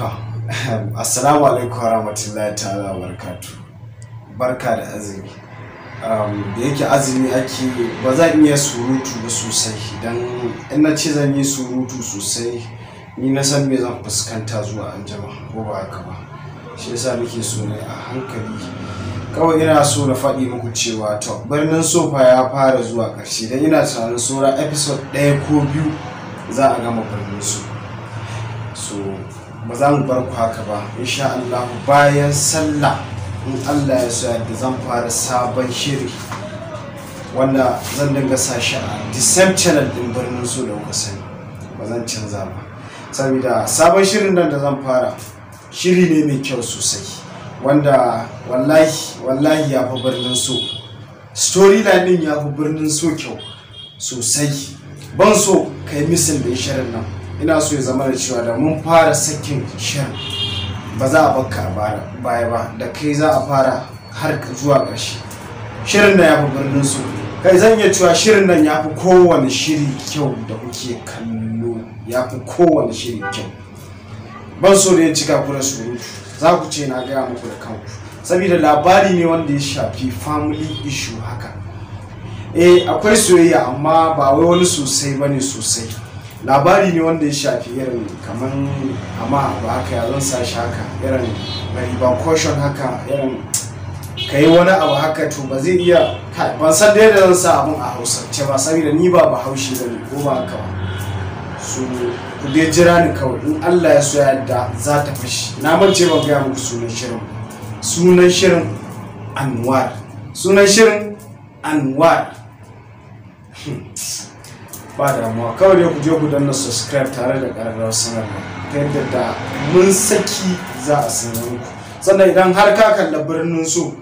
To, Assalamu alaikum warahmatullahi ta'ala barkatu. Barka da azumi. Um, da yake azumi ake ba zan iya surutu ba sosai idan in na ce zan yi surutu sosai ni na san me zan fuskanta zuwa anjima ko ba haka ba shi yasa nake so ne a hankali kawai ina so na faɗi muku cewa to birnin sofa ya fara zuwa ƙarshe dan ina tunanin saura episode ɗaya ko biyu za a gama birnin su. so ba za mu bar ku haka ba insha Allah bayan sallah in Allah ya so yadda zan fara sabon shiri wanda zan dinga sa shi a December channel din birnin su da kuka sani ba zan canza ba saboda sabon shirin nan da zan fara shiri ne mai kyau sosai wanda wallahi wallahi ya fi birnin so storyline din ya fi birnin so kyau sosai ban so kai misin da shirin nan ina so ya zama da cewa da mun fara sakin shirin ba za a bakka baya ba da kai za a fara har zuwa ƙarshe shirin nan ya fi birnin su kai zan iya cewa shirin nan ya fi kowane shiri kyau da kuke kallo ya fi kowane shiri kyau ban so da ya cika ku da surutu za ku ce na gaya muku da kanku saboda labari ne wanda ya shafi family issue haka eh akwai soyayya amma ba wai wani sosai bane sosai labari ne wanda ya shafi irin kamar amma ba haka ya zan sashi haka irin riba caution haka irin ka yi wani abu haka to ba zai iya ban san da yadda zan sa abin a ce ba saboda ni ba bahaushe ba ne ko ba haka ba su ku dai jira ni kawai in allah ya so ya yadda za ta fashi na mance ba gaya muku sunan shirin sunan shirin anwar sunan shirin anwar hmm. ba damuwa kawai ne ku je ku danna subscribe tare da ƙararrawar sanarwa ta yadda da mun saki za a sanar ku sannan idan har ka kalla birnin so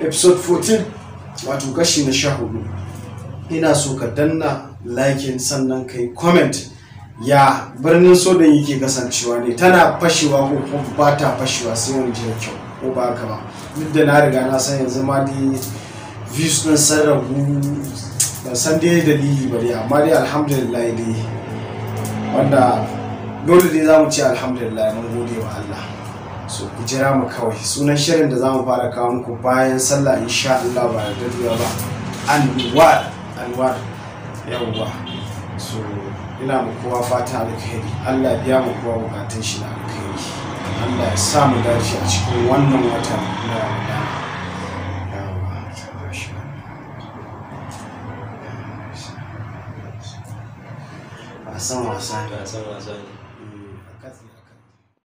episode 14 wato kashi na sha hudu ina so ka danna likin sannan kai yi comment ya birnin so da yake kasancewa ne tana fashewa ko kuma ba ta fashewa sai wani jiya kyau ko ba haka ba duk da na riga na san yanzu ma dai views din sarrafa ban san dai dalili ba dai amma dai alhamdulillah dai wanda dole dai zamu ce alhamdulillah mun gode wa Allah so ku jira mu kawai sunan shirin da zamu fara kawo muku bayan sallah insha Allah ba da dadewa ba anwar anwar yawwa so ina mu kowa fata alkhairi Allah ya biya mu kowa bukatun shi na alkhairi Allah ya sa mu dace a cikin wannan wata na 晚上，晚上。